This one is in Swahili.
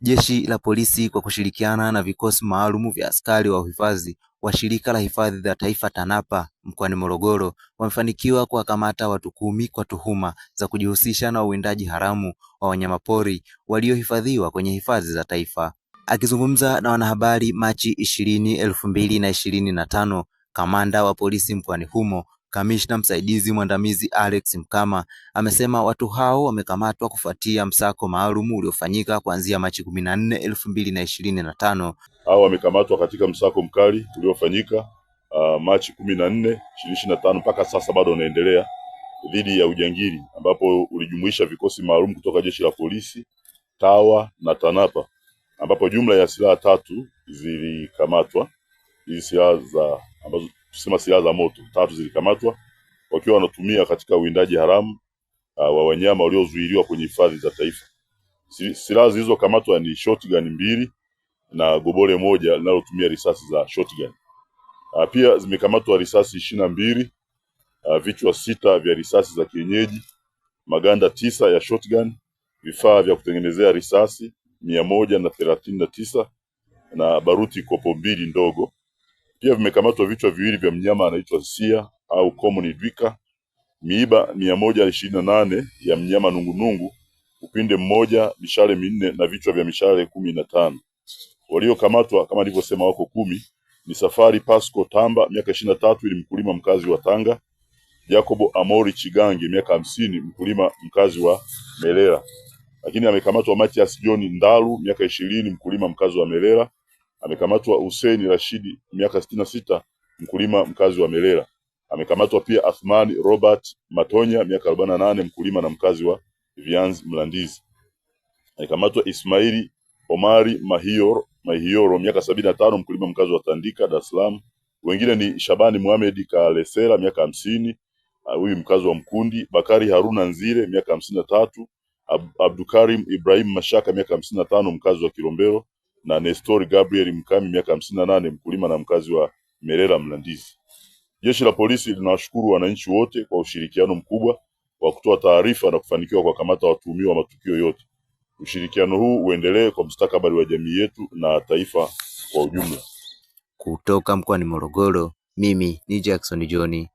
Jeshi la Polisi kwa kushirikiana na vikosi maalumu vya askari wa uhifadhi wa Shirika la Hifadhi za Taifa TANAPA mkoani Morogoro wamefanikiwa kuwakamata watu kumi kwa tuhuma za kujihusisha na uwindaji haramu wa wanyamapori waliohifadhiwa kwenye hifadhi za taifa. Akizungumza na wanahabari Machi ishirini elfu mbili na ishirini na tano, kamanda wa polisi mkoani humo Kamishna msaidizi mwandamizi Alex Mkama amesema watu hao wamekamatwa kufuatia msako maalumu uliofanyika kuanzia Machi kumi na nne elfu mbili na ishirini na tano. Hao wamekamatwa katika msako mkali uliofanyika uh, Machi kumi na nne mpaka sasa bado unaendelea dhidi ya ujangili, ambapo ulijumuisha vikosi maalum kutoka jeshi la polisi, TAWA na TANAPA, ambapo jumla ya silaha tatu zilikamatwa. Hizi silaha za ambazo kusema silaha za moto tatu zilikamatwa wakiwa wanatumia katika uwindaji haramu uh, wa wanyama waliozuiliwa kwenye hifadhi za taifa. Silaha zilizokamatwa ni shotgun mbili na gobole moja linalotumia risasi za shotgun. Uh, pia zimekamatwa risasi ishirini na mbili uh, vichwa sita vya risasi za kienyeji, maganda tisa ya shotgun, vifaa vya kutengenezea risasi mia moja na thelathini na tisa na baruti kopo mbili ndogo pia vimekamatwa vichwa viwili vya mnyama anaitwa sia au common dwika, miiba mia moja ishirini na nane ya mnyama nungunungu, upinde mmoja, mishale minne na vichwa vya mishale kumi na tano. Waliokamatwa kama nilivyosema wako kumi ni Safari Pasco Tamba miaka ishirini na tatu, ili mkulima mkazi wa Tanga, Jacobo Amori Chigange miaka hamsini, mkulima mkazi wa melela Lakini amekamatwa Matias John Ndalu miaka ishirini, mkulima mkazi wa melela Amekamatwa Hussein Rashidi miaka sitini na sita mkulima mkazi wa Melela. Amekamatwa pia Athmani Robert Matonya miaka arobaini na nane mkulima na mkazi wa Vianzi Mlandizi. Amekamatwa Ismaili Omari Mahioro, Mahioro miaka sabini na tano mkulima mkazi wa Tandika, Dar es Salaam. Wengine ni Shabani Muhamedi Kalesera miaka hamsini ah, huyu mkazi wa Mkundi. Bakari Haruna Nzire miaka hamsini na tatu Abdukarim Ibrahim Mashaka miaka hamsini na tano mkazi wa Kilombero na Nestor Gabriel Mkami miaka hamsini na nane mkulima na mkazi wa merela Mlandizi. Jeshi la polisi linawashukuru wananchi wote kwa ushirikiano mkubwa wa kutoa taarifa na kufanikiwa kwa kamata watuhumiwa wa matukio yote. Ushirikiano huu uendelee kwa mustakabali wa jamii yetu na taifa kwa ujumla. Kutoka mkoani Morogoro, mimi ni Jackson John